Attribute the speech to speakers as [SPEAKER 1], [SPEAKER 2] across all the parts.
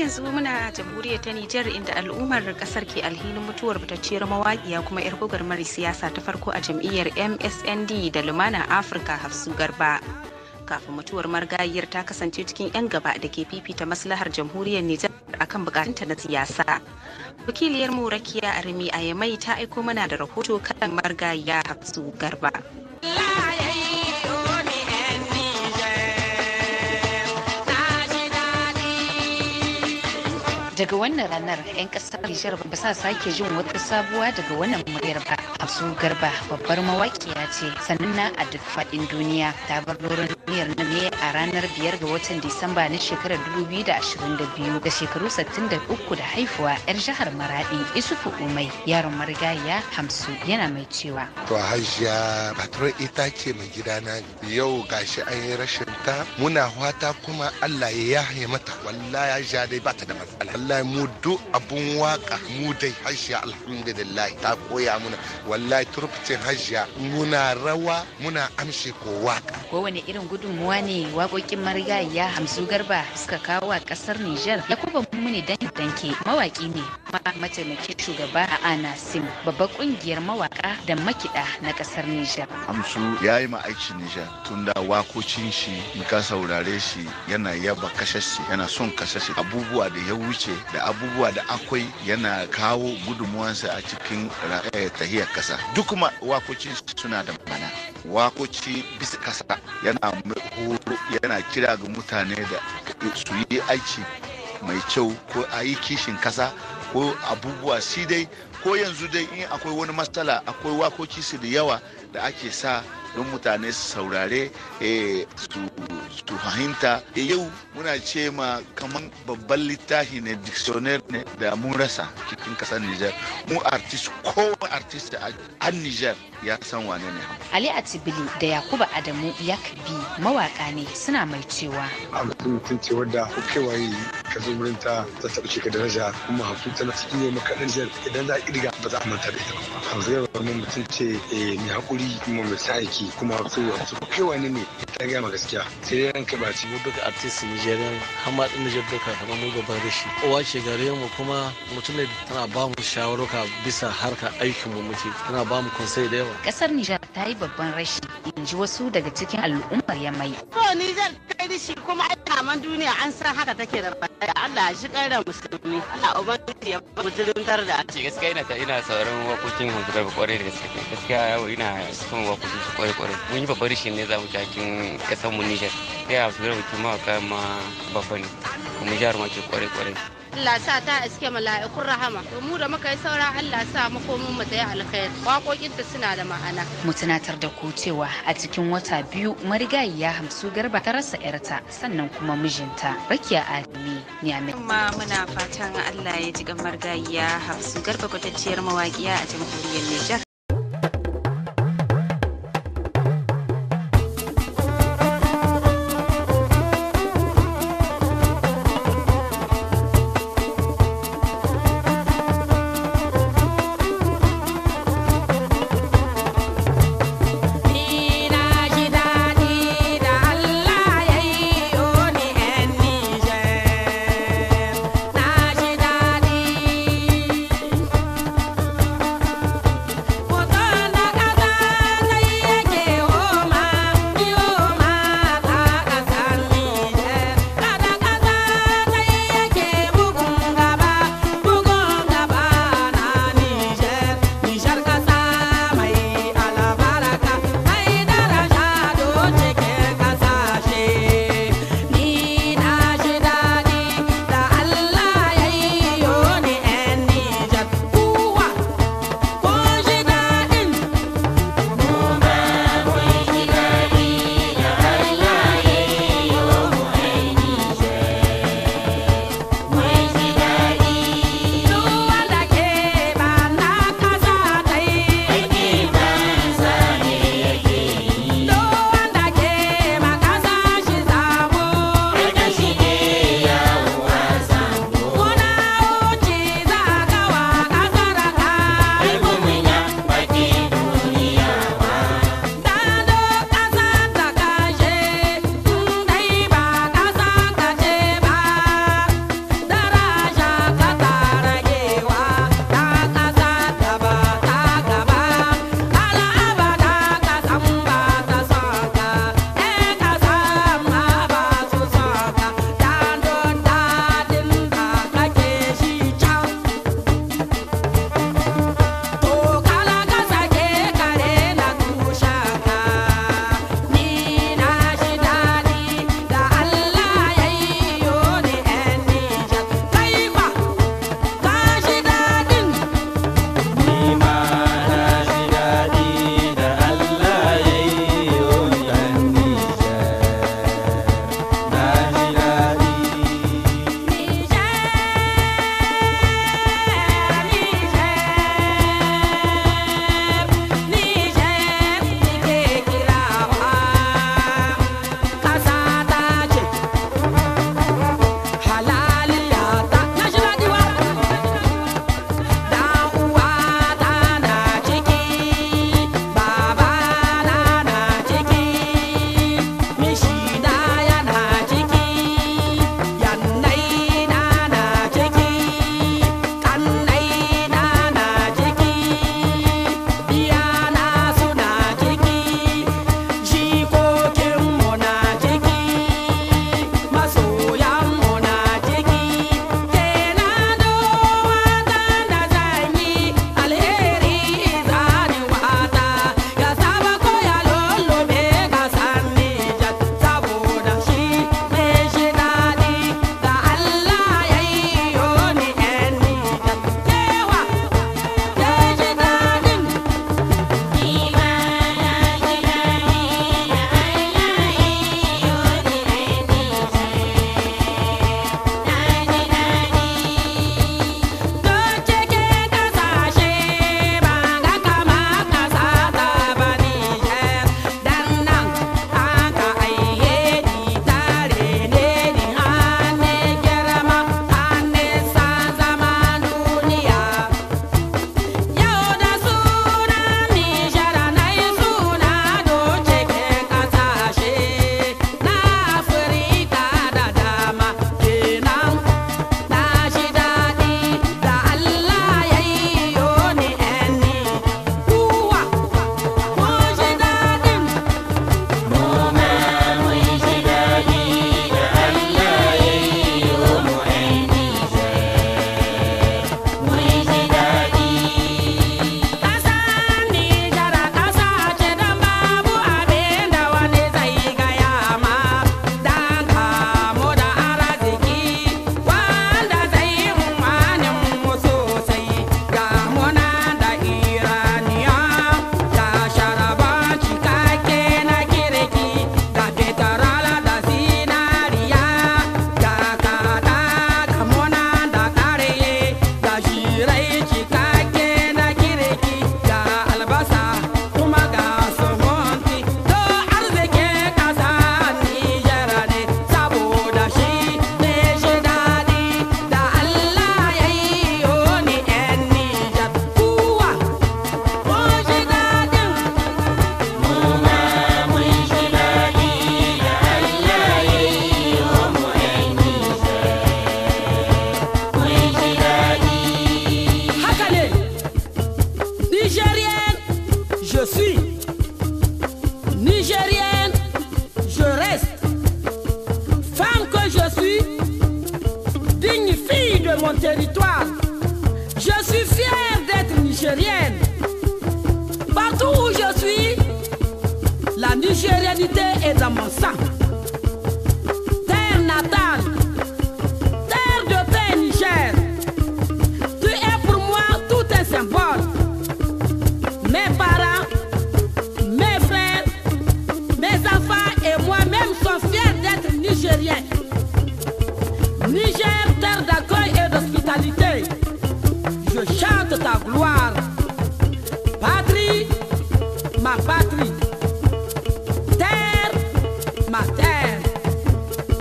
[SPEAKER 1] yanzu muna jamhuriyar ta Nijar inda al'ummar kasar ke alhinin mutuwar fitacciyar mawaƙiya kuma 'yar gwagwarmar siyasa ta farko a jam'iyyar MSND da Lumana Afirka Hafsu Garba. Kafin mutuwar margayiyar ta kasance cikin 'yan gaba da ke fifita maslahar jamhuriyar Nijar akan bukatunta na siyasa. Wakiliyar mu Rakiya Arimi a ta aiko mana da rahoto kan margayiya Hafsu Garba. daga wannan ranar 'yan kasar nijar ba sa sake jin wata sabuwa daga wannan muryar ba Asu Garba babbar mawaƙiya ce sananna a duk faɗin duniya ta bar doron duniyar na ne a ranar biyar ga watan Disamba na shekarar 2022 da shekaru 63 da haifuwa 'yar jihar Maraɗi, Isufu Umai yaron Marigayya, Hamsu yana mai cewa.
[SPEAKER 2] To hajiya Batura ita ce mai gidana yau gashi an yi rashin ta muna hwata kuma Allah ya yahe mata wallahi hajiya dai bata da matsala. Allah mu duk abun waka mu dai hajiya alhamdulillah ta koya mana wallahi turbucin hajiya muna rawa muna amshi ko waka
[SPEAKER 1] kowane irin gudunmuwa ne waƙoƙin marigayya hamsu garba suka kawo a ƙasar niger kuma mu ne danke mawaƙi ne Ama mataimakin shugaba a anasim babbar kungiyar mawaka da makida na kasar nijar
[SPEAKER 2] amsu ya yi ma'aikacin nijar tun da wakocin shi in ka saurare shi yana yaba kashashi yana son kashashi abubuwa da ya wuce da abubuwa da akwai yana kawo gudunmuwansa a cikin eh, tahiyar kasa duk ma wakocin suna da mana wakoci bisa kasa yana horo yana kira ga mutane da su yi aiki mai kyau ko a yi kishin kasa ko abubuwa shi dai ko yanzu dai in akwai wani matsala akwai wakoki su da yawa da ake sa don mutane su saurare eh, su fahimta eh, yau muna ce ma kaman babban littafi ne dictionary ne da mun rasa cikin kasar Nijar mu artist kowa artist a Nijar ya san wane ne
[SPEAKER 1] Ali Atibili da Yakuba Adamu kabi mawaka ne suna mai cewa Abdul ce wadda yi ka zo wurin ta ta taɓa ka daraja kuma Hafsu tana cikin yau maka Nijar idan za a ƙirga ba za a manta da ita ba Hafsu yau mutum ce eh, mai haƙuri kuma mai sa'aiki ciki kuma su wasu kowane ne ne ta gama gaskiya sai dai ranka ba ci duka artist nigerian har ma din nigeria duka kamar mu gaban rashi kowa ce gare mu kuma mutum ne tana ba mu shawaruka bisa harka aikin mu muke tana ba mu da yawa kasar nigeria ta yi babban rashi in ji wasu daga cikin al'ummar yamai ni zan kai da shi kuma ai kaman duniya an san haka take da baya Allah ya shi kaira musulmi Allah ubangiji ya musuluntar da ce gaskiya ina ta ina sauraron wakokin
[SPEAKER 2] hanzurar kwarai da gaske gaskiya yau ina son wakokin su kwarai kwarai mun yi babban rishi ne za mu cikin kasan mu Niger sai a hanzurar bikin mawaka ma babban ne kuma jihar ma ke kwarai
[SPEAKER 1] kwarai Allah sa ta iske mala'ikun rahama mu da muka yi saura Allah sa makomin mu ta alkhairi waƙoƙin ta suna da ma'ana Mutunatar da ku cewa a cikin wata biyu marigayi ya hamsu garba ta rasa yarta sannan kuma mijinta rakiya adami ne kuma muna fatan Allah ya ji gamar gayya hamsu garba kwatacciyar mawaƙiya a jamhuriyar Nijar
[SPEAKER 2] gloire. Patrie, ma patrie. Terre, ma terre.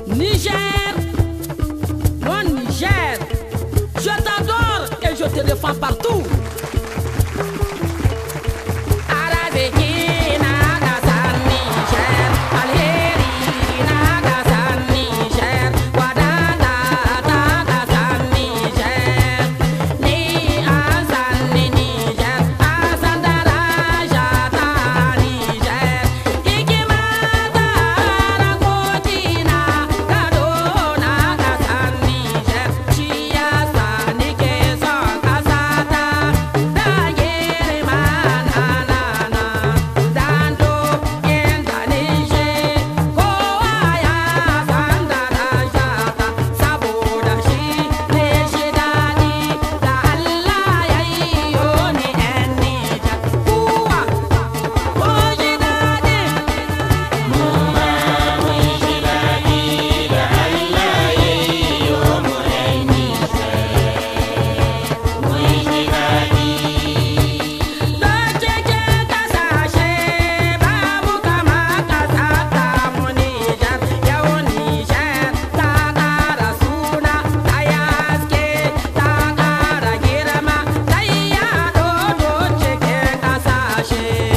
[SPEAKER 2] Niger, mon Niger. Je t'adore et je te défends partout. Roger.